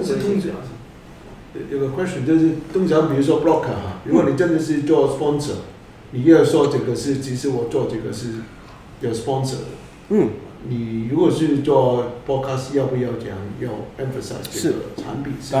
我通常，有個 question 就是通常，比如說 blocker 哈，如果你真的是做 sponsor，你要說這個是，其實我做這個是有 sponsor 的嗯，你如果是做 podcast 要不要這樣，要 emphasize 這個產品是，對。